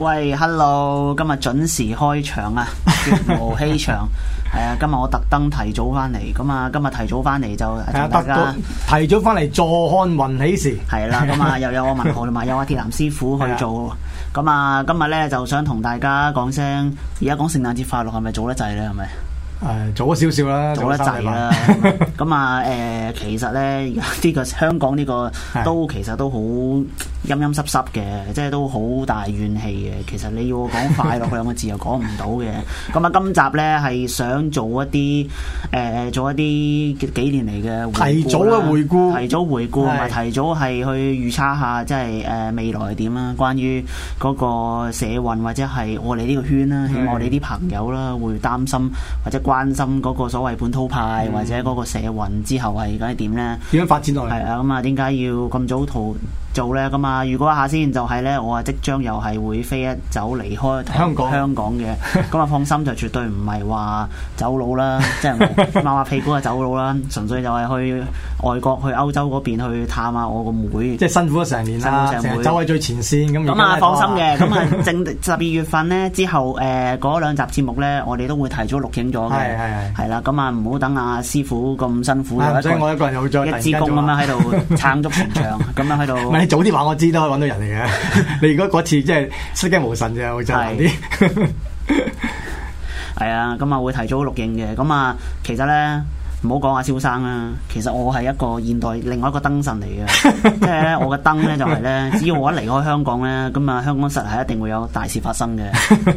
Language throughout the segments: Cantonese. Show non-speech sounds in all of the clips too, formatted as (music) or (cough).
喂，Hello，今日準時開場啊，絕無欺場， (laughs) 啊，今日我特登提早翻嚟，咁啊，今日提早翻嚟就大家提早翻嚟坐看雲起時，係啦，咁啊，又有我文豪同埋有我鐵男師傅去做，咁 (laughs) 啊，今日咧就想同大家講聲，而家講聖誕節快樂係咪早得滯咧？係咪？誒，早咗少少啦，早得滯啦，咁 (laughs) 啊誒，其實咧，呢個香港呢個 (laughs) 都其實都好，陰陰濕濕嘅，即係都好大怨氣嘅。其實你要我講快樂兩個字又講唔到嘅。咁啊，今集呢，係想做一啲誒、呃，做一啲幾年嚟嘅提早嘅回顧是，提早回顧同埋提早係去預測下，即係誒、呃、未來係點啦。關於嗰個社運或者係我哋呢個圈啦，希望我哋啲朋友啦會擔心或者關心嗰個所謂本土派、嗯、或者嗰個社運之後係點呢？點樣發展落嚟？係啊，咁、嗯、啊，點解要咁早套？做咧咁啊，如果下先就係咧，我啊即將又係會飛一走離開香港香港嘅。咁啊放心，就絕對唔係話走佬啦， (laughs) 即係掹下屁股啊走佬啦。純粹就係去外國去歐洲嗰邊去探下我個妹，妹。即係辛苦咗成年啦，年妹妹走喺最前線咁。咁啊放心嘅，咁啊，正十二月份咧之後，誒、呃、嗰兩集節目咧，我哋都會提早錄影咗嘅。係係係。係啦，咁啊唔好等阿師傅咁辛苦，所以我一個人有咗一支公咁樣喺度撐足全場，咁 (laughs) 樣喺度。 (laughs) 你早啲話我知都可以揾到人嚟嘅。 (laughs) 你如果嗰次即係失驚無神啫，會差啲。係啊的，咁啊 (laughs) 會提早錄影嘅。咁啊，其實咧唔好講阿蕭生啦。其實我係一個現代另外一個燈神嚟嘅。 (laughs) 即係咧，我嘅燈咧就係、是、咧，只要我一離開香港咧，咁啊香港實係一定會有大事發生嘅。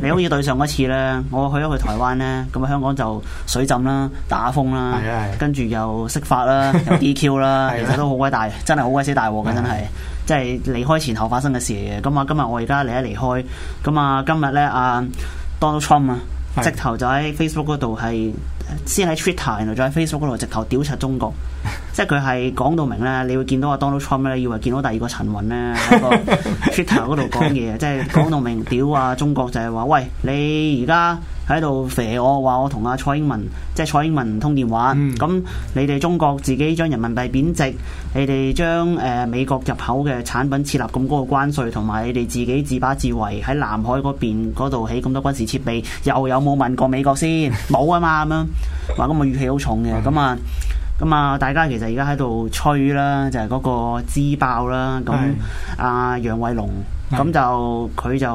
你好似對上嗰次咧，我去咗去台灣咧，咁啊香港就水浸啦、打風啦，是的是的跟住又釋法啦、又 DQ 啦，其實都好鬼大，真係好鬼死大鑊嘅，真係。 (laughs) 即係離開前後發生嘅事嘅，咁啊今日我而家嚟一離開，咁啊今日咧阿 Donald Trump 啊，是直頭就喺 Facebook 嗰度係先喺 Twitter，然後再喺 Facebook 嗰度直頭屌柒中國， (laughs) 即係佢係講到明咧，你會見到阿 Donald Trump 咧，以為見到第二個陳雲咧喺個 Twitter 嗰度講嘢， (laughs) 即係講到明屌啊中國就係話，喂你而家。喺度肥我話我同阿蔡英文即係蔡英文通電話，咁、嗯嗯、你哋中國自己將人民幣貶值，你哋將誒美國入口嘅產品設立咁高嘅關稅，同埋你哋自己自把自為喺南海嗰邊嗰度起咁多軍事設備，又有冇問過美國先？冇啊嘛咁樣，話咁我語氣好重嘅，咁啊咁啊，大家其實而家喺度吹啦，就係、是、嗰個支爆啦，咁、嗯、阿、嗯嗯嗯、楊偉龍。咁就佢就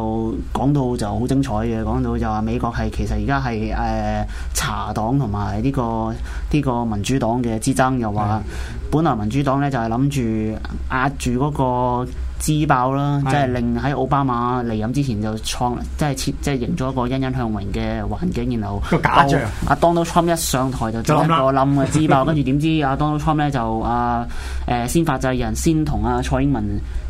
講到就好精彩嘅，講到就話美國係其實而家係誒茶黨同埋呢個呢、呢個民主黨嘅之爭，又話本來民主黨咧就係諗住壓住嗰個資爆啦，即係的令喺奧巴馬離任之前就創，即係設即係營咗一個欣欣向榮嘅環境，然後假象阿 Donald Trump 一上台就一個冧嘅資爆，跟住點知阿 Donald Trump 咧就阿誒、呃、先發制人，先同阿蔡英文。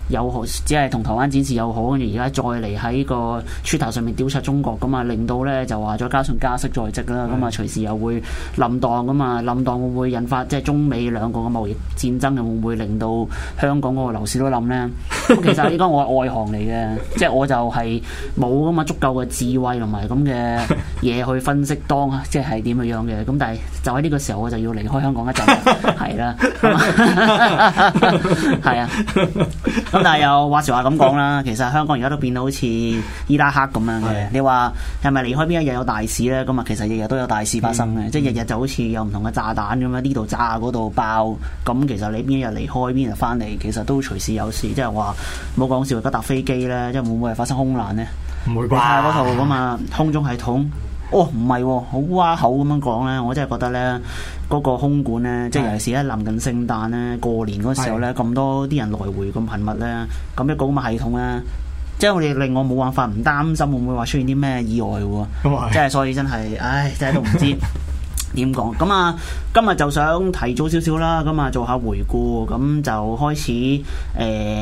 有好，只係同台灣展示又好，跟住而家再嚟喺個 Twitter 上面調查中國咁啊，令到咧就話再加上加息在即啦，咁啊隨時又會冧盪咁啊，冧盪會唔會引發即係中美兩國嘅貿易戰爭？又會唔會令到香港嗰個樓市都冧咧？其實呢個我係外行嚟嘅，即係我就係冇啊嘛，足夠嘅智慧同埋咁嘅嘢去分析當即係點樣樣嘅。咁但係就喺呢個時候我就要離開香港一陣，係啦， (laughs) 係 (laughs) (laughs) 啊。 (laughs) 咁 (laughs) 但係又話時話咁講啦， (laughs) 其實香港而家都變到好似伊拉克咁樣嘅。的你話係咪離開邊一日有大事呢？咁啊，其實日日都有大事發生嘅，即係日日就好似有唔同嘅炸彈咁樣，呢度、嗯、炸嗰度爆。咁、嗯、其實你邊一日離開，邊日翻嚟，其實都隨時有事。即係話冇講笑，而家搭飛機呢，即係會唔會係發生空難呢？唔會哇。你睇下嗰套咁啊，空中系統。哦，唔係、哦，好挖口咁樣講呢，我真係覺得呢。嗰個空管呢，即係尤其是喺臨近聖誕呢，過年嗰時候呢，咁的多啲人來回咁頻密呢，咁一個咁嘅系統呢，即係我哋令我冇辦法唔擔心會唔會話出現啲咩意外喎、啊，的即係所以真係，唉，真係都唔知點講。 (laughs) 咁啊，今日就想提早少少啦，咁啊做下回顧，咁就開始誒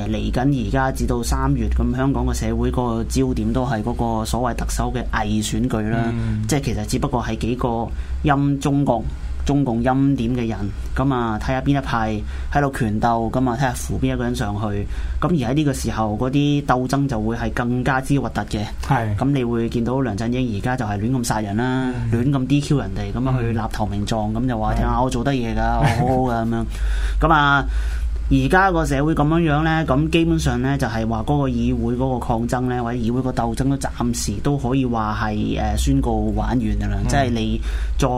嚟緊而家至到三月，咁香港嘅社會個焦點都係嗰個所謂特首嘅偽選舉啦，嗯、即係其實只不過係幾個陰中國。中共欽點嘅人，咁啊睇下邊一派喺度拳鬥，咁啊睇下扶邊一個人上去。咁而喺呢個時候，嗰啲鬥爭就會係更加之核突嘅。係是。咁你會見到梁振英而家就係亂咁殺人啦，嗯、亂咁 DQ 人哋，咁、嗯、樣、嗯、去立投名狀，咁、嗯、就話是聽下我做得嘢㗎，好好㗎咁 (laughs) 樣。咁、嗯、啊。嗯嗯。而家個社會咁樣樣呢，咁基本上呢，就係話嗰個議會嗰個抗爭呢，或者議會個鬥爭都暫時都可以話係誒宣告玩完噶啦，嗯、即係你再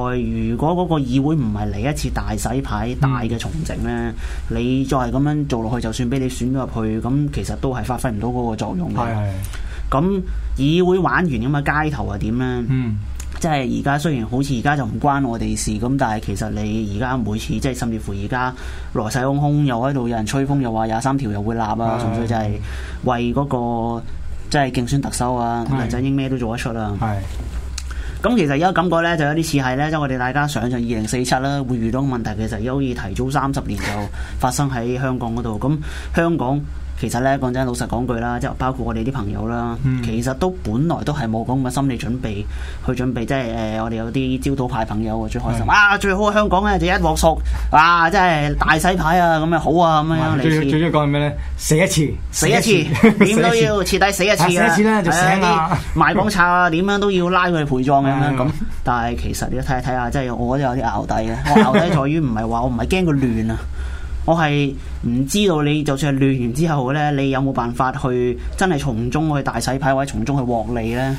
如果嗰個議會唔係嚟一次大洗牌大、大嘅重整呢，你再係咁樣做落去，就算俾你選咗入去，咁其實都係發揮唔到嗰個作用嘅。係係是。咁議會玩完咁啊，街頭又點呢？嗯。即係而家雖然好似而家就唔關我哋事咁，但係其實你而家每次即係甚至乎而家來勢洶洶，又喺度有人吹風，又話廿三條又會立啊，純是的 粹就係為嗰，那個即係競選特首啊，梁振英咩都做得出啦，啊。係。咁其實有感覺咧，就有啲似係咧，即係我哋大家想象二零四七啦，會遇到問題，其實有可以提早三十年就發生喺香港嗰度咁，香港。其實咧，講真，老實講句啦，即係包括我哋啲朋友啦，其實都本來都係冇咁嘅心理準備，去準備即係誒，我哋有啲焦土派朋友啊，最開心。哇，最好香港咧就一鑊熟，哇，即係大洗牌啊，咁樣好啊，咁樣嚟。最最中意講係咩咧？死一次，死一次，點都要徹底死一次啊！死一次咧，就死啲賣港賊啊，點樣都要拉佢哋陪葬。咁樣。咁但係其實你睇下睇下，即係我都有啲淆底嘅。我淆底在於唔係話我唔係驚佢亂啊。我係唔知道你就算係亂完之後呢，你有冇辦法去真係從中去大洗牌，或者從中去獲利呢？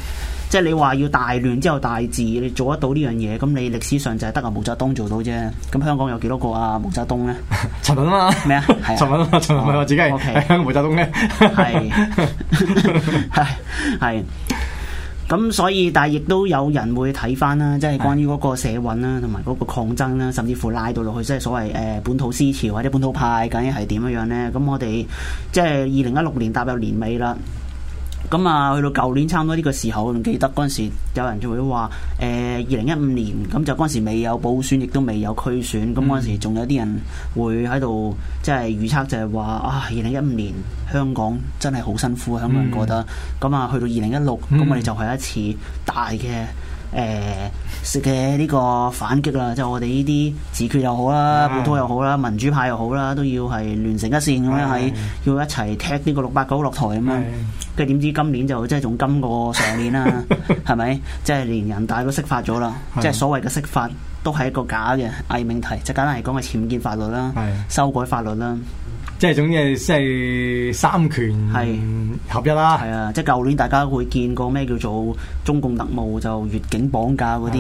即係你話要大亂之後大治，你做得到呢樣嘢？咁你歷史上就係得阿毛澤東做到啫。咁香港有幾多個阿、啊、毛澤東呢？陳文、啊啊、文啊？咩啊？係陳文，啊，陳文我自己係阿毛澤東嘅。係 (laughs) 係是。 (laughs) 咁所以，但係亦都有人會睇翻啦，即係關於嗰個社運啦，同埋嗰個抗爭啦，甚至乎拉到落去，即係所謂誒、呃、本土思潮或者本土派，究竟係點樣咧？咁我哋即係二零一六年踏入年尾啦。咁啊，去到舊年差唔多呢個時候，我仲記得嗰陣時有人就會話誒，二零一五年咁就嗰陣時未有補選，亦都未有區選，咁嗰陣時仲有啲人會喺度即係預測就，就係話啊，二零一五年香港真係好辛苦，香港人覺得，咁、嗯、啊去到二零一六，咁我哋就係一次大嘅。誒食嘅呢個反擊啦，即係我哋呢啲自決又好啦，Yeah. 普選又好啦，民主派又好啦，都要係聯成一線咁樣喺，Yeah. 要一齊踢呢個六八九落台咁樣。跟住點知今年就即係仲今個上年啦、啊，係咪？ (laughs) 即係連人大都釋法咗啦，Yeah. 即係所謂嘅釋法都係一個假嘅偽命題，就係簡單嚟講係僭建法律啦，Yeah. 修改法律啦。即係總之係，即係三權係合一啦。係啊，即係舊年大家會見過咩叫做中共特務就越境綁架嗰啲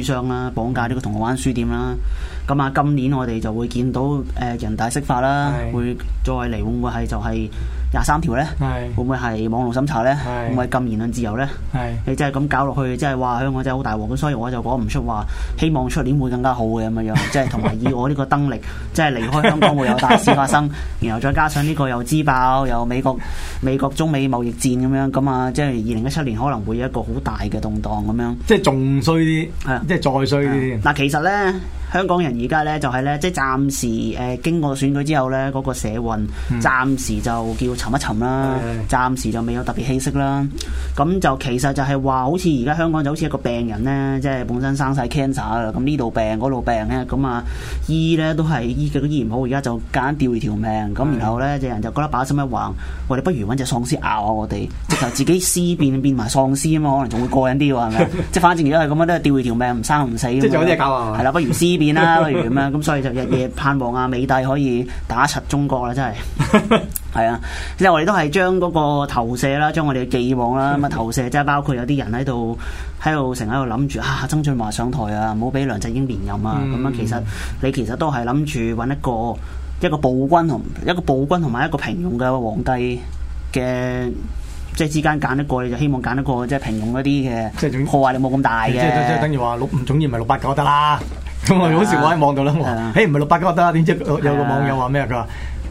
書商啦、啊，綁架呢個銅鑼灣書店啦、啊。咁啊，今年我哋就會見到誒人大釋法啦，是的 會再嚟會唔會係就係廿三條咧？是的 會唔會係網絡審查咧？是的 會唔會禁言論自由咧？是的 你真係咁搞落去，即係話香港真係好大鑊。咁所以我就講唔出話，希望出年會更加好嘅咁嘅樣。即係同埋以我呢個燈力，即係 (laughs) 離開香港會有大事發生。然後再加上呢個又資爆，又美國美國中美貿易戰咁樣咁啊，即係二零一七年可能會有一個好大嘅動盪咁樣。即係仲衰啲，即係再衰啲。嗱的，的其實咧。香港人而家咧就係咧，即係暫時誒經過選舉之後咧，嗰個社運暫時就叫沉一沉啦，暫時就未有特別氣息啦。咁就其實就係話，好似而家香港就好似一個病人咧，即係本身生晒 cancer 嘅，咁呢度病嗰度病咧，咁啊醫咧都係醫嘅都醫唔好，而家就揀吊佢條命。咁然後咧隻人就覺得把心一橫，我哋不如揾隻喪屍咬我哋，直頭自己屍變變埋喪屍啊嘛，可能仲會過癮啲喎，係咪？即反正而家係咁啊，都係吊佢條命，唔生唔死。即係啦，不如屍。啦，不如咁啊，咁所以就日夜盼望啊，美帝可以打柒中國啦，真係係啊！即係我哋都係將嗰個投射啦，將我哋嘅寄望啦咁啊投射，即係包括有啲人喺度喺度成日喺度諗住啊，曾俊華上台啊，唔好俾梁振英連任啊！咁樣，其實你其實都係諗住揾一個一個暴君同一個暴君同埋一個平庸嘅皇帝嘅即係之間揀一個，你就希望揀一個即係平庸一啲嘅，即係破壞力冇咁大嘅，即係即係等於話六總之唔係六八九得啦。咁啊！ (laughs) 有時我喺網度啦，我誒唔係六百幾得啊？點知有個網友話咩？佢話。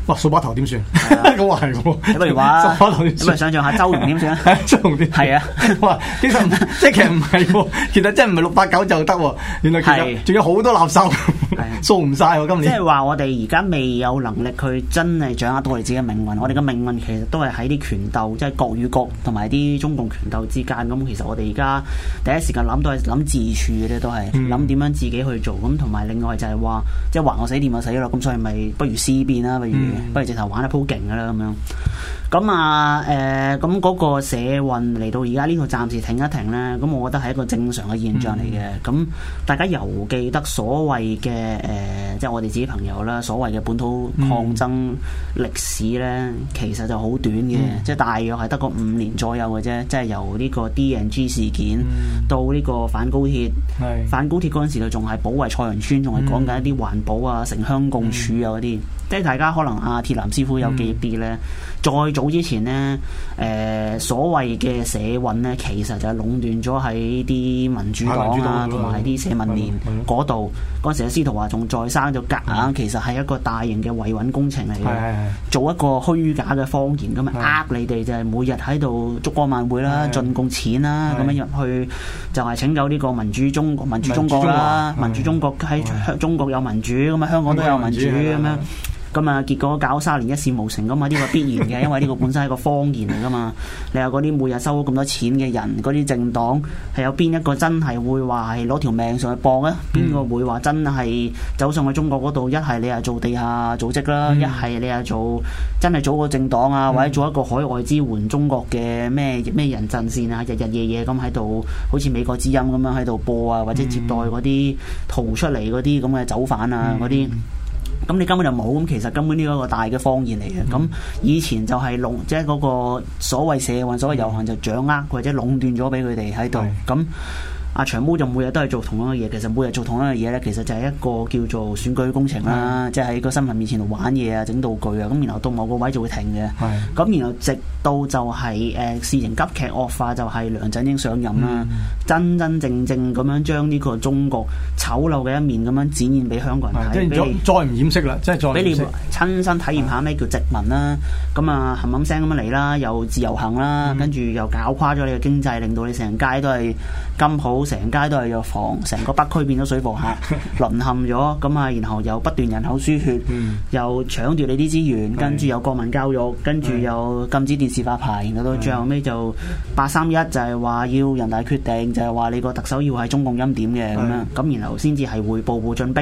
哇！掃把頭點算？啊，咁話係喎，啊、你不如話掃把頭點算？想象下周融點算啊？周融點？係啊！ (laughs) (laughs) 哇！其實即係 (laughs) 其實唔係喎， (laughs) 其實即係唔係六八九就得喎，原來其實仲有好多垃圾，啊、 (laughs) 掃唔晒喎今年。即係話我哋而家未有能力去真係掌握到自己嘅命運，我哋嘅命運其實都係喺啲權鬥，即係國與國同埋啲中共權鬥之間。咁其實我哋而家第一時間諗都係諗自處嘅都係諗點樣自己去做，咁同埋另外就係話即係橫我死，掂我死咯。咁所以咪不如思辨啦，不如。嗯不如直頭玩得鋪勁嘅啦，咁樣咁啊？誒，咁嗰個社運嚟到而家呢度暫時停一停咧，咁我覺得係一個正常嘅現象嚟嘅。咁大家又記得所謂嘅誒，即係我哋自己朋友啦，所謂嘅本土抗爭歷史咧，其實就好短嘅，即係大約係得個五年左右嘅啫。即係由呢個 D N G 事件到呢個反高鐵，反高鐵嗰陣時就仲係保衞菜園村，仲係講緊一啲環保啊、城鄉共處啊嗰啲。即係大家可能阿鐵男師傅有記憶啲咧，再早之前咧，誒，所謂嘅社運咧，其實就係壟斷咗喺啲民主黨啊，同埋啲社民連嗰度嗰時啊，司徒華仲再生咗革命，其實係一個大型嘅維穩工程嚟嘅，做一個虛假嘅謊言咁啊，呃，你哋就係每日喺度燭光晚會啦，進貢錢啦，咁樣入去就係拯救呢個民主中國，民主中國啦，民主中國喺中國有民主，咁啊香港都有民主咁樣。咁啊，結果搞三年一事無成噶嘛，呢個必然嘅，因為呢個本身係個謊言嚟噶嘛。 (laughs) 你話嗰啲每日收咁多錢嘅人，嗰啲政黨係有邊一個真係會話係攞條命上去搏咧？邊個、嗯、會話真係走上去中國嗰度？一係你係做地下組織啦，一係、嗯、你係做真係做個政黨啊，嗯、或者做一個海外支援中國嘅咩咩人陣線啊，日日夜夜咁喺度好似美國之音咁樣喺度播啊，或者接待嗰啲逃出嚟嗰啲咁嘅走犯啊啲。嗯啊咁你根本就冇，咁其實根本呢一個大嘅謊言嚟嘅。咁、嗯、以前就係、是、壟，即係嗰個所謂社運、所謂遊行就掌握或者壟斷咗俾佢哋喺度。咁、嗯阿長毛就每日都係做同樣嘅嘢，其實每日做同樣嘅嘢咧，其實就係一個叫做選舉工程啦，即係喺個新聞面前度玩嘢啊、整道具啊，咁然後到某個位就會停嘅。咁是的 然後直到就係、是、誒、呃、事情急劇惡化，就係梁振英上任啦，嗯嗯、真真正正咁樣將呢個中國醜陋嘅一面咁樣展現俾香港人睇，的如再唔掩飾啦，即係再俾你親身體驗下咩叫殖民啦。咁啊冚冚聲咁樣嚟啦，又自由行啦，跟住、嗯、又搞垮咗你嘅經濟，令到你成街都係～咁好，成街都係藥房，成個北區變咗水貨客淪陷咗，咁啊，然後又不斷人口輸血，嗯、又搶奪你啲資源，嗯、跟住又國民教育，跟住又禁止電視發牌，然後到、嗯、最後尾就八三一就係話要人大決定，就係、是、話你個特首要係中共欽點嘅咁樣，咁、嗯嗯、然後先至係會步步進逼，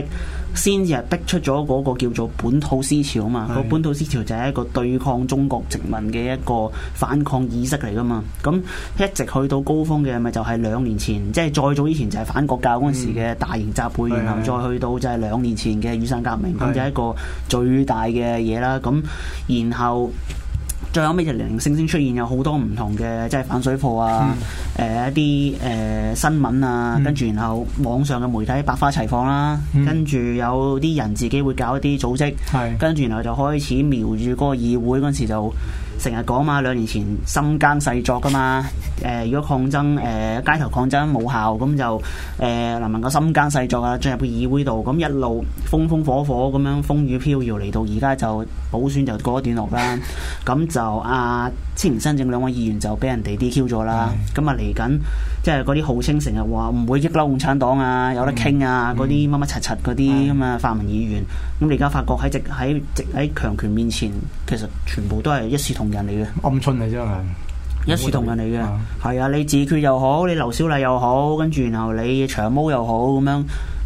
先至係逼出咗嗰個叫做本土思潮啊嘛，嗯、個本土思潮就係一個對抗中國殖民嘅一個反抗意識嚟噶嘛，咁一直去到高峰嘅咪就係兩年。前即係再早以前就係反國教嗰陣時嘅大型集會，嗯、然後再去到就係兩年前嘅雨傘革命，咁、嗯、就係一個最大嘅嘢啦。咁、嗯、然後最後尾就零零星星出現有好多唔同嘅即係反水貨啊，誒、嗯呃、一啲誒、呃、新聞啊，跟住、嗯、然後網上嘅媒體百花齊放啦、啊，跟住、嗯、有啲人自己會搞一啲組織，跟住、嗯、然，然後就開始瞄住嗰個議會嗰時就。成日講嘛，兩年前深耕細作㗎嘛，誒、呃、如果抗爭誒、呃、街頭抗爭冇效，咁就誒人民個深耕細作啊，進入個議會度，咁一路風風火火咁樣風雨飄搖嚟到而家就補選就過一段落啦，咁就阿。啊青年新政兩個議員就俾人哋 DQ 咗啦，咁啊嚟緊即係嗰啲號稱成日話唔會激嬲共產黨啊，有得傾啊，嗰啲乜乜柒柒嗰啲咁嘅泛民議員，咁你而家發覺喺直喺直喺強權面前，其實全部都係一視同仁嚟嘅，暗春嚟啫，一視同仁嚟嘅，係是啊，你自決又好，你劉小麗又好，跟住然後你長毛又好，咁樣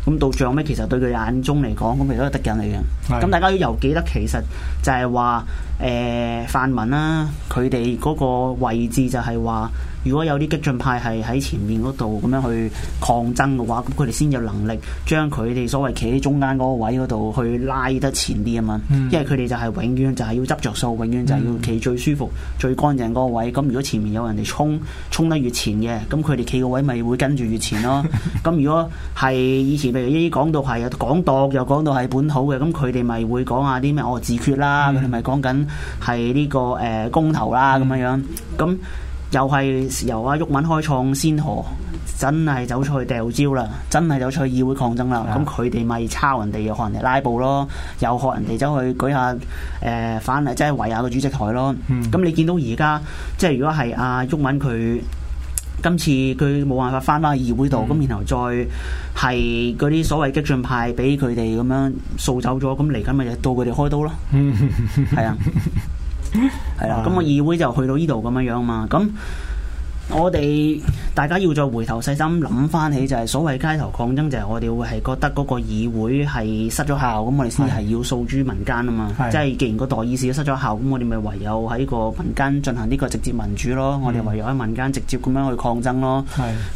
咁到最後尾，其實對佢眼中嚟講，咁佢都係得嘅人嚟嘅，咁大家要記得，其實就係話。誒、呃、泛民啦、啊，佢哋嗰個位置就係話，如果有啲激進派系喺前面嗰度咁樣去抗爭嘅話，咁佢哋先有能力將佢哋所謂企喺中間嗰個位嗰度，去拉得前啲啊嘛。嗯、因為佢哋就係永遠就係要執着數永遠就係要企最舒服、嗯、最乾淨嗰個位。咁如果前面有人哋衝衝得越前嘅，咁佢哋企個位咪會跟住越前咯。咁 (laughs) 如果係以前譬如一講到係啊，港獨又講到係本土嘅，咁佢哋咪會講下啲咩我自決啦，佢哋咪講緊。係呢、這個誒、呃、公投啦咁樣、嗯、樣，咁又係由阿、啊、毓民開創先河，真係走出去掉招啦，真係走出去議會抗爭啦，咁佢哋咪抄人哋又學人哋拉布咯，又學人哋走去舉下誒翻嚟即係圍下個主席台咯，咁、嗯、你見到而家即係如果係阿毓民佢今次佢冇辦法翻翻去議會度，咁、嗯、然後再係嗰啲所謂激進派俾佢哋咁樣掃走咗，咁嚟緊咪就到佢哋開刀咯，係啊，係啦，咁我議會就去到呢度咁樣樣嘛，咁。我哋大家要再回頭細心諗翻起，就係所謂街頭抗爭就係我哋會係覺得嗰個議會係失咗效，咁我哋先係要訴諸民間啊嘛。是的 即係既然個代議士失咗效，咁我哋咪唯有喺個民間進行呢個直接民主咯。嗯、我哋唯有喺民間直接咁樣去抗爭咯。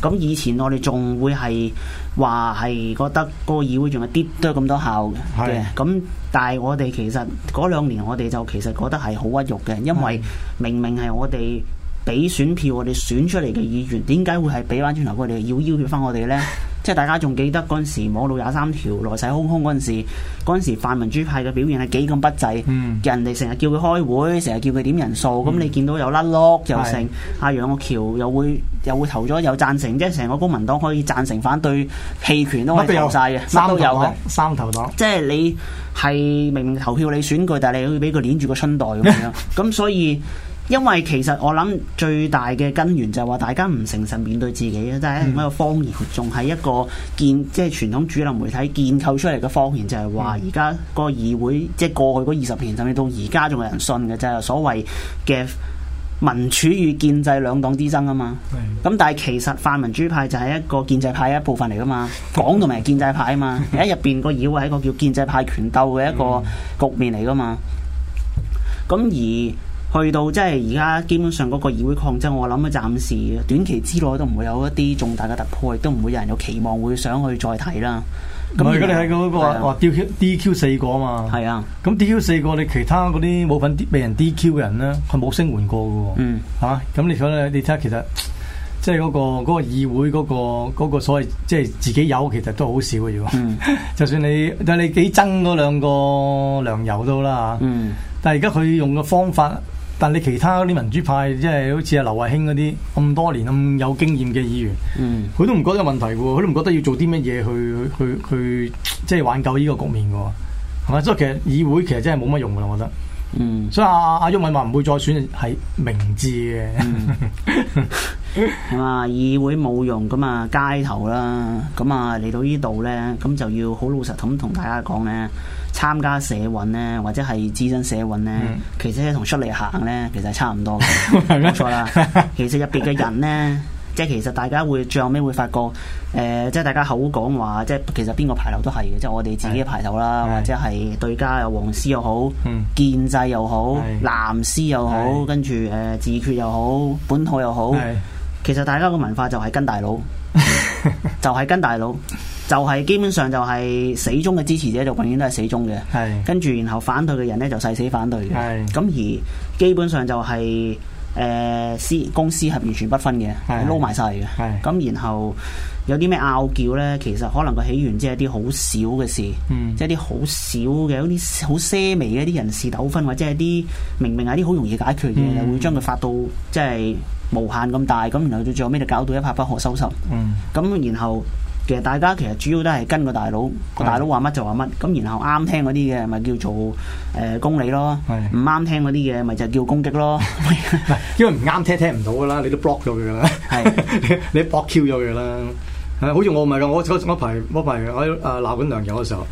咁是的 以前我哋仲會係話係覺得嗰個議會仲有啲都有咁多效嘅。係咁是的 但係我哋其實嗰兩年我哋就其實覺得係好屈辱嘅，因為明明係我哋。俾選票我哋選出嚟嘅議員，點解會係俾翻轉頭過嚟要要挾翻我哋呢？ (laughs) 即係大家仲記得嗰陣時，網絡廿三條來勢洶洶嗰陣時，嗰時泛民主派嘅表現係幾咁不濟，嗯、人哋成日叫佢開會，成日叫佢點人數，咁、嗯、你見到有甩碌又剩，阿的、啊、楊阿橋又會又會投咗有贊成，即係成個公民黨可以贊成、反對、棄權都可以嘅，三頭黨，三頭黨，即係你係明明，明明投票你選佢，但係你要俾佢攆住個春袋咁樣，咁 (laughs) 所以。因為其實我諗最大嘅根源就係話大家唔誠實面對自己啊，即係咁一個謊言，仲係一個建即係傳統主流媒體建構出嚟嘅謊言，就係話而家個議會即係過去嗰二十年，甚至到而家仲有人信嘅就係、是、所謂嘅民主與建制兩黨之爭啊嘛。咁但係其實泛民主派就係一個建制派一部分嚟噶嘛，港同埋建制派啊嘛，而家入邊，個議會係一個叫建制派權鬥嘅一個局面嚟噶嘛。咁而去到即係而家，基本上嗰個議會抗爭，我諗啊，暫時短期之內都唔會有一啲重大嘅突破，亦都唔會有人有期望會想去再睇啦。咁如果你喺嗰、嗰個話話 DQ 四個啊嘛，係啊，咁 DQ 四個你其他嗰啲冇份畀人 DQ 嘅人咧，佢冇聲援過嘅喎。嗯，嚇、啊，咁你睇咧，你睇下，其實即係嗰、嗰個嗰、嗰個議會嗰、嗰個嗰個所謂即係自己有，其實都好少嘅要。嗯， (laughs) 就算你但係你幾憎嗰兩個梁游都啦嚇。嗯，但係而家佢用嘅方法。但你其他啲民主派，即係好似阿劉慧卿嗰啲咁多年咁有經驗嘅議員，佢、嗯、都唔覺得有問題喎，佢都唔覺得要做啲乜嘢去去去，去即係挽救呢個局面喎，係嘛？所以其實議會其實真係冇乜用噶啦，我覺得。嗯、所以阿阿阿毓民話唔會再選係明智嘅，係嘛？議會冇用噶嘛，街頭啦，咁啊嚟到呢度咧，咁就要好老實咁同大家講咧。參加社運咧，或者係諮詢社運咧，其實同出嚟行咧，其實係差唔多嘅，冇錯啦。其實入邊嘅人咧，即係其實大家會最後尾會發覺，誒，即係大家口講話，即係其實邊個排頭都係嘅，即係我哋自己嘅排頭啦，或者係對家有黃絲又好，建制又好，藍絲又好，跟住誒自決又好，本土又好，其實大家個文化就係跟大佬，就係跟大佬。就係基本上就係死忠嘅支持者就永遠都係死忠嘅，跟住是然後反對嘅人咧就誓死反對嘅。咁是而基本上就係誒私公私係完全不分嘅，撈埋晒。嘅。咁是然後有啲咩拗撬咧？其實可能個起源只係啲好少嘅事，即係啲好少嘅嗰啲好奢微嘅啲人事糾紛，或者係啲明明係啲好容易解決嘅，嗯、會將佢發到即係、就是、無限咁大，咁然後再最後尾就搞到一拍不可收拾。咁、嗯、然後，然後其實大家其實主要都係跟個大佬，的個大佬話乜就話乜，咁的然後啱聽嗰啲嘅咪叫做誒、呃、公理咯，唔啱的聽嗰啲嘅咪就叫攻擊咯。 (laughs) 因為唔啱聽聽唔到噶啦，你都 block 咗佢噶啦，你你 block Q 咗佢啦。係好似我唔係㗎，我嗰嗰排嗰排我,我,我,我,我啊鬧緊良友嘅時候，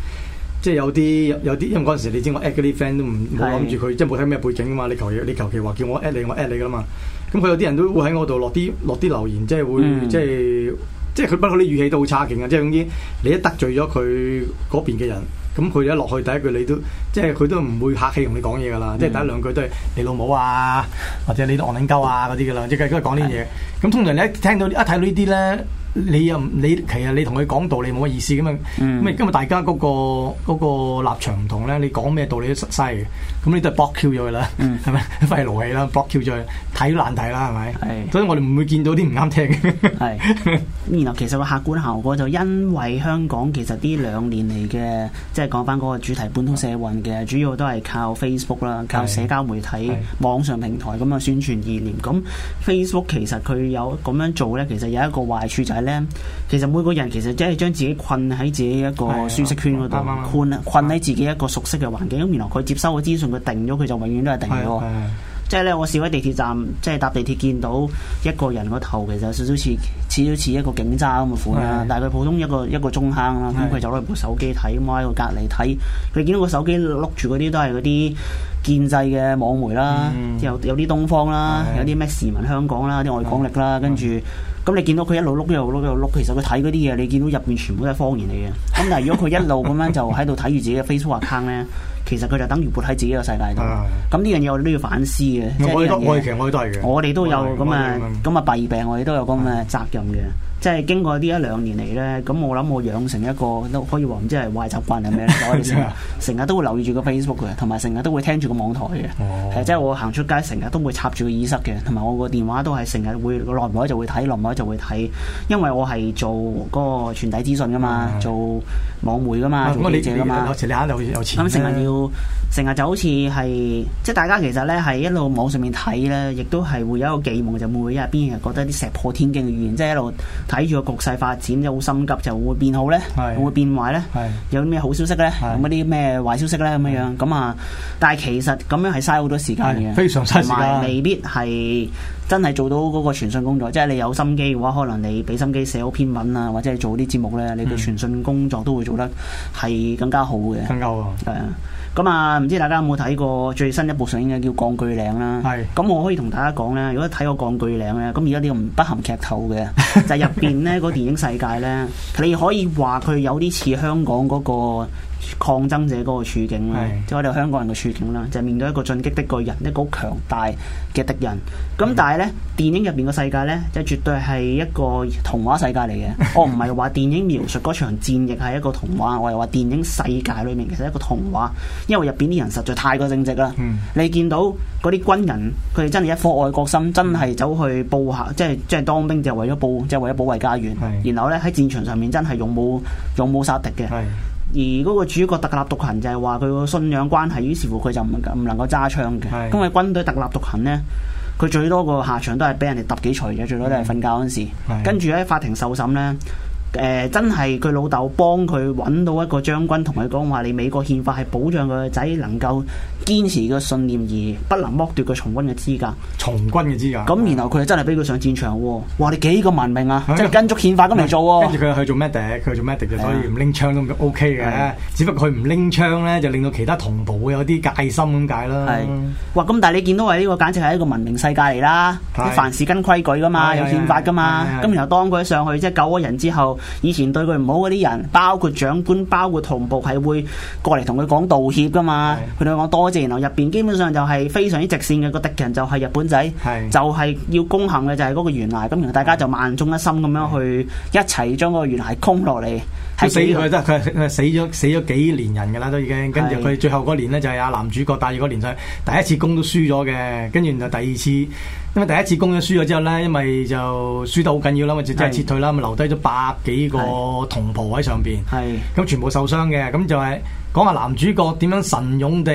即係有啲有啲，因為嗰陣時你知我 add 嗰啲 friend 都唔冇諗住佢，即係冇睇咩背景啊嘛。你求你求其話叫我 add 你，我 add 你㗎嘛。咁佢有啲人都會喺我度落啲落啲留言，即係會,、嗯、會即係。嗯即係佢不過啲語氣都好差勁啊！即係總之，你一得罪咗佢嗰邊嘅人，咁佢一落去第一句你都，即係佢都唔會客氣同你講嘢㗎啦。嗯、即係第一兩句都係你老母啊，或者你戇撚鳩啊嗰啲㗎啦，嗯、即係繼續講啲嘢。咁、嗯、通常你一聽到一睇到呢啲咧。你又你其實你同佢講道理冇乜意思咁嘛。咁啊、嗯、今日大家嗰個嗰個立場唔同咧，你講咩道理都嘥嘅，咁你就搏 Q 咗佢啦，係咪費勞氣啦？搏 Q 咗睇都難睇啦，係咪？是 所以我哋唔會見到啲唔啱聽嘅。是 (laughs) 然後其實個客觀效果就因為香港其實呢兩年嚟嘅，即係講翻嗰個主題本土社運嘅，主要都係靠 Facebook 啦，靠社交媒體、是 是 網上平台咁嘅宣傳意念。咁 Facebook 其實佢有咁樣做咧，其實有一個壞處就係。咧，其實每個人其實即係將自己困喺自己一個舒適圈嗰度，嗯嗯嗯、困困喺自己一個熟悉嘅環境。咁原來佢接收嘅資訊，佢定咗，佢就永遠都係定咗。嗯嗯、即係咧，我試喺地鐵站，即係搭地鐵見到一個人個頭，其實有少少似，似咗似一個警渣咁嘅款啦。嗯、但係佢普通一個一個中坑啦，咁佢就攞部手機睇，咁喺個隔離睇。佢見到個手機碌住嗰啲都係嗰啲建制嘅網媒啦，之、嗯、有啲東方啦、啊，有啲咩市民香港啦，啲外港力啦，跟住。咁你見到佢一路碌一路碌一路碌，其實佢睇嗰啲嘢，你見到入邊全部都係謊言嚟嘅。咁但係如果佢一路咁樣就喺度睇住自己嘅 Facebook account 咧，其實佢就等於活喺自己嘅世界度。咁呢樣嘢我哋都要反思嘅。我哋我哋其實我都係嘅。我哋都有咁啊咁啊弊病，我哋都有咁嘅、啊、責任嘅。即係經過呢一兩年嚟咧，咁我諗我養成一個都可以話唔知係壞習慣定咩？成日都會留意住個 Facebook 嘅，同埋成日都會聽住個網台嘅。係、哦、即係我行出街成日都會插住個耳塞嘅，同埋我個電話都係成日會耐唔耐就會睇，耐唔耐就會睇。因為我係做嗰個傳遞資訊噶嘛，嗯、做網媒噶嘛，咁、嗯、嘛？嗯、你你有錢你下又又成日要成日就好似係即係大家其實咧係一路網上面睇咧，亦都係會有一個寄望，就每一下邊人覺得啲石破天驚嘅語言，即係一路。睇住個局勢發展，真係好心急，就會變好咧，是會變壞咧，是有啲咩好消息咧，是有嗰啲咩壞消息咧，咁是樣樣咁啊！但係其實咁樣係嘥好多時間嘅，非常嘥時間，未必係真係做到嗰個傳訊工作。即係你有心機嘅話，可能你俾心機寫好篇文啊，或者係做啲節目咧，你嘅傳訊工作都會做得係更加好嘅、嗯，更加好啊！係啊～咁啊，唔、嗯、知大家有冇睇過最新一部上映嘅叫《鋼鋸嶺》啦？係是。咁我可以同大家講咧，如果睇過《鋼鋸嶺》咧，咁而家呢個唔不含劇透嘅， (laughs) 就入邊咧個電影世界咧，你可以話佢有啲似香港嗰、那個。抗爭者嗰個處境啦，即係是我哋香港人嘅處境啦，就係，面對一個進擊的巨人，一個好強大嘅敵人。咁但係呢，電影入邊嘅世界呢，即係絕對係一個童話世界嚟嘅。我唔係話電影描述嗰場戰役係一個童話，我係話電影世界裏面其實一個童話，因為入邊啲人實在太過正直啦。是你見到嗰啲軍人，佢哋真係一顆愛國心，真係走去報下，即係即係當兵就為咗報，即、就、係、是、為咗保衛家園。是然後呢，喺戰場上面真係勇武勇武殺敵嘅。而嗰個主角特立獨行，就係話佢個信仰關係，於是乎佢就唔唔能夠揸槍嘅。是的 因為軍隊特立獨行咧，佢最多個下場都係俾人哋揼幾錘嘅，最多都係瞓覺嗰陣時。是的 跟住喺法庭受審咧。誒真係佢老豆幫佢揾到一個將軍同佢講話，你美國憲法係保障佢個仔能夠堅持個信念，而不能剝奪佢從軍嘅資格。從軍嘅資格。咁然後佢真係俾佢上戰場喎。哇！你幾個文明啊，即係跟足憲法咁嚟做喎。跟住佢去做 medic？佢做 medic，所以唔拎槍都 O K 嘅，只不過佢唔拎槍咧，就令到其他同袍會有啲戒心咁解啦。哇！咁但係你見到話呢個簡直係一個文明世界嚟啦，凡事跟規矩噶嘛，有憲法噶嘛。咁然後當佢上去即係救咗人之後。以前對佢唔好嗰啲人，包括長官、包括同步係會過嚟同佢講道歉噶嘛。佢同佢講多謝，然後入邊基本上就係非常之直線嘅個敵人就係日本仔，是的 就係要攻陷嘅就係嗰個懸崖，咁然後大家就萬眾一心咁樣去一齊將嗰個懸崖攻落嚟。死佢得，佢死咗死咗幾年人㗎喇，都已經。跟住佢最後嗰年咧，就係、是、阿男主角戴住嗰年，再第一次攻都輸咗嘅。跟住就第二次，因為第一次攻都輸咗之後咧，因為就輸得好緊要啦，咪即係撤退啦，咪留低咗百幾個同袍喺上邊。係，咁全部受傷嘅，咁就係、是。講下男主角點樣神勇地，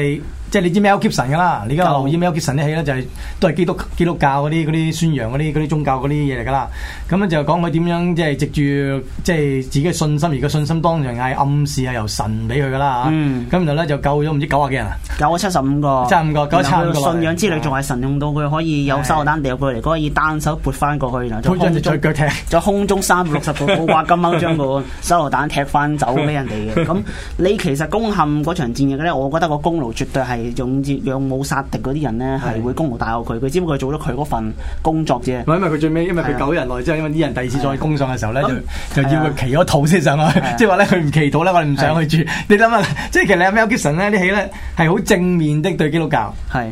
即係你知 Mel Gibson 噶啦，你而家留意 Mel Gibson 啲戲咧，就係都係基督基督教嗰啲嗰啲宣揚嗰啲啲宗教嗰啲嘢嚟噶啦。咁就講佢點樣即係藉住即係自己嘅信心，而個信心當然係暗示係由神俾佢噶啦吓。咁、嗯、然後咧就救咗唔知九廿幾人啊，救咗七十五個，七十五個，九信仰之旅仲係神用到佢、嗯、可以有手榴彈掉過嚟，可以單手撥翻過去，的然後就再腳踢，再空中三百六十度，好掛中金貓將個手榴彈踢翻走俾人哋嘅。咁 (laughs) (laughs) 你其實冚嗰場戰役咧，我覺得個功勞絕對係用劍用武殺敵嗰啲人咧，係會功勞大過佢。佢只不過做咗佢嗰份工作啫。咁咪佢最尾，因為佢救咗人來之後，因為啲人第二次再攻上嘅時候咧、嗯，就就要佢祈咗肚先上去。即係話咧，佢唔 (laughs) 祈禱咧，我哋唔上去住。是的 你諗下，即係其實阿 Mel Gibson 呢，啲戲咧係好正面的對基督教係。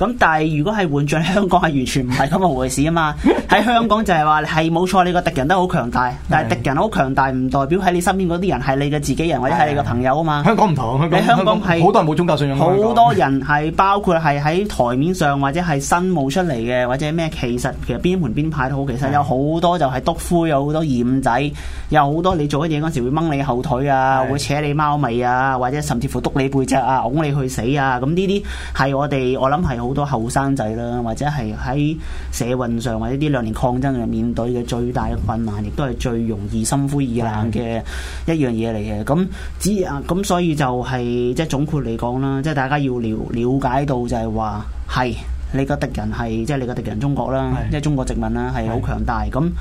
咁但係如果係換著香港係完全唔係咁嘅回事啊嘛！喺 (laughs) 香港就係話係冇錯，你個敵人都好強大，但係敵人好強大唔代表喺你身邊嗰啲人係你嘅自己人或者係你嘅朋友啊嘛，香！香港唔同，喺香港係好多，多人冇宗教信仰，好多人係包括係喺台面上或者係新冒出嚟嘅或者咩，其實其實邊門邊派都好，其實有好多就係篤灰，有好多二五仔，有好多你做嘢嗰陣時會掹你後腿啊，是的 會扯你貓尾啊，或者甚至乎篤你背脊啊，拱你去死啊！咁呢啲係我哋我諗係好。好多後生仔啦，或者係喺社運上或者呢兩年抗爭上面，面對嘅最大嘅困難，亦都係最容易心灰意冷嘅一樣嘢嚟嘅。咁只咁所以就係、是、即係總括嚟講啦，即係大家要了瞭解到就係話，係你個敵人係即係你個敵人中國啦，是即係中國殖民啦，係好強大。咁是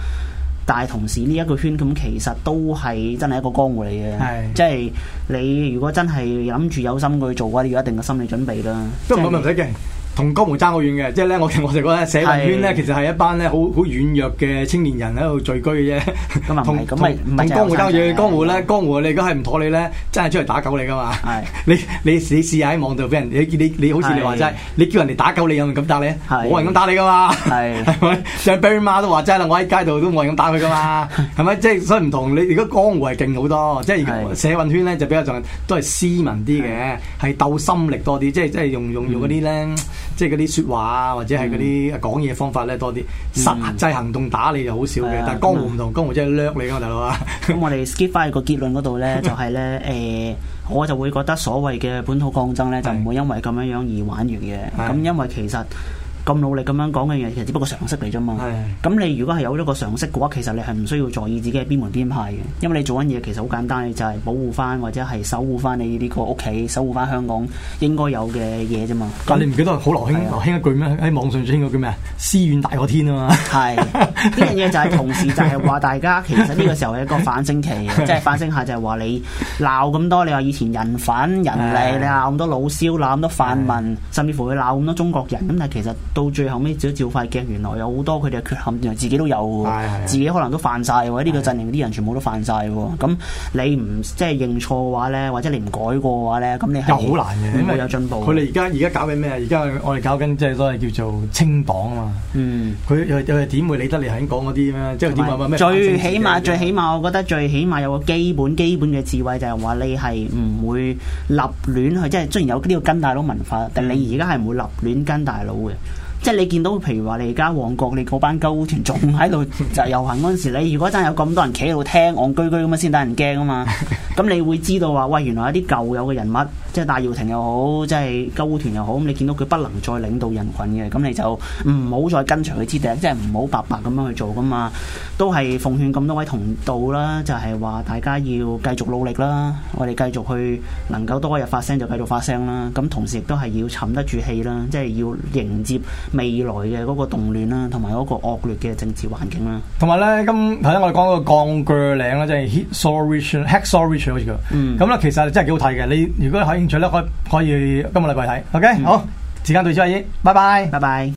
但係同時呢一個圈咁其實都係真係一個江湖嚟嘅，是即係你如果真係諗住有心去做嘅話，你要一定嘅心理準備啦。都唔係問題即係唔使驚。同江湖爭好遠嘅，即係咧，我我就覺得社運圈咧，其實係一班咧，好好軟弱嘅青年人喺度聚居嘅啫。咁啊，同江湖爭遠，江湖咧，江湖你如果係唔妥你咧，真係出嚟打狗你噶嘛？係你你你試下喺網度俾人你你你好似你話齋，你叫人哋打狗，你有咁打你？冇人敢打你噶嘛？係咪？連 Barry 媽都話齋啦，我喺街度都冇人敢打佢噶嘛？係咪？即係所以唔同你如果江湖係勁好多，即係社運圈咧就比較上都係斯文啲嘅，係鬥心力多啲，即係即係用用用嗰啲咧，即係嗰啲説話啊，或者係嗰啲講嘢方法咧，多啲，實際行動打你就好少嘅。嗯、但江湖唔同，嗯、江湖真係掠你㗎，大佬啊！咁、嗯、 (laughs) 我哋 skip 翻去個結論嗰度咧，就係咧，誒，我就會覺得所謂嘅本土抗爭咧， (laughs) 就唔會因為咁樣樣而玩完嘅。咁的、嗯、因為其實。咁努力咁樣講嘅嘢，其實只不過常識嚟啫嘛。係的。咁你如果係有咗個常識嘅話，其實你係唔需要在意自己係邊門邊派嘅，因為你做緊嘢其實好簡單，就係、是、保護翻或者係守護翻你呢個屋企，守護翻香港應該有嘅嘢啫嘛。但你唔記得好流行流行一句咩？喺網上最興個叫咩？私怨大過天啊嘛。係呢樣嘢就係同時就係話大家 (laughs) 其實呢個時候係一個反省期，即係 (laughs) 反省下就係話你鬧咁多，你話以前人反人嚟，的你鬧咁多老蕭鬧咁多泛民，的甚至乎會鬧咁多中國人，咁但係其實。到最後尾，只照塊鏡，原來有好多佢哋嘅缺陷，原來，自己都有的自己可能都犯晒，或者呢個陣營啲人全部都犯晒喎。咁的你唔即係認錯嘅話咧，或者你唔改過嘅話咧，咁你又好難嘅，冇有進步。佢哋而家而家搞緊咩啊？而家我哋搞緊即係所謂叫做清黨啊嘛。嗯，佢又又點會理得你肯講嗰啲咩？即係點？最起碼最起碼，最起碼我覺得最起碼有個基本基本嘅智慧就，就係話你係唔會立亂去，即係雖然有呢個跟大佬文化，但你而家係唔會立亂跟大佬嘅。即係你見到，譬如話你而家旺角你嗰班鳩嗚團仲喺度就遊行嗰陣 (laughs) 時，你如果真係有咁多人企喺度聽，戇居居咁樣先得人驚啊嘛。咁、 (laughs) 嗯、你會知道話，喂，原來一啲舊有嘅人物，即係戴耀廷又好，即係鳩嗚團又好，咁、嗯、你見到佢不能再領導人群嘅，咁、嗯、你就唔好再跟隨佢之定，即係唔好白白咁樣去做噶嘛。都係奉勸咁多位同道啦，就係、是、話大家要繼續努力啦，我哋繼續去能夠多日發聲就繼續發聲啦。咁、嗯嗯、同時亦都係要沉得住氣啦，即係要迎接。未來嘅嗰個動亂啦、啊，同埋嗰個惡劣嘅政治環境啦、啊，同埋咧，咁頭先我哋講個鋼鋸嶺啦，即係《Hex Solution》《Hex Solution》好似叫，嗯，咁咧其實真係幾好睇嘅。你如果有興趣咧，可可以今個禮拜睇。OK，嗯，好，時間到此為止，拜拜，拜拜。